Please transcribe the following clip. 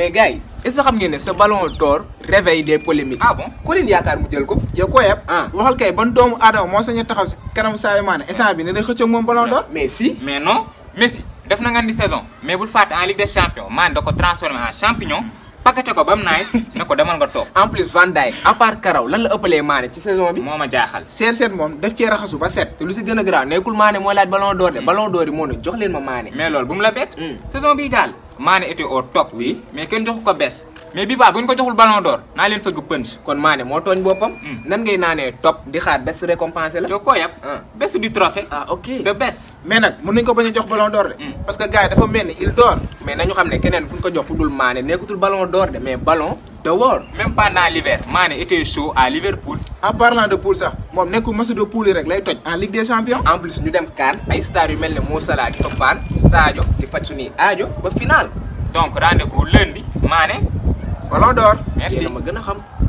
mais gars est-ce que xam ngeen ballon d'or réveille des polémiques. ah bon Colin Yakar yaakaar mu jël ko. yow koo ah waxal kay ban doomu Adam moo sañ a taxaw si kanamu est-ce instant bi ne na ballon d'or. mais si mais non Messi def na nga ni saison mais bul faites en Ligue des champions Man, da ko transformé en champignon. pakate ko ba mu nice ne ko demal nga toog. en plus Van Dijk à part Karaw lan la ëppalee Mané ci saison bi. moo a jaaxal. CR7 moom daf cee raxasu ba set. te lu si gën a garaaw nekkul Mané mooy laaj ballon d'or de. Mm. ballon d'or yi moo ne jox leen ma Mané. mais loolu bu mu la bett. Mm. saison bii daal Mané était au top. oui mais kenn joxu ko bees mais bi baa bu ko joxul ballon d'or naa leen fëgg punch kon Mané moo tooñ boppam hmm. nan ngay naanee top di xaar best récompensé la yow koo yab ah. best du trophée ah ok the best mais nag mën nañu ko bañ a jox ballon d'or de hmm. parce que gars yi dafa mel il d'or mais nañu xam ne keneen ku ñu ko jox ku dul Mané nekkutul ballon d'or de mais ballon d'or même pendant l'hiver Mané était chaud à Liverpool en parlant de poule sax moom nekkul match de poule rek lay toj en Ligue des Champions en plus ñu dem CAN ay star yu mel ne Mo Salah di toppaan Sadio di faj suñuy aajo ba final donc rendez-vous lundi Mané Ballon d'or. merci yéen a ma gën a xam.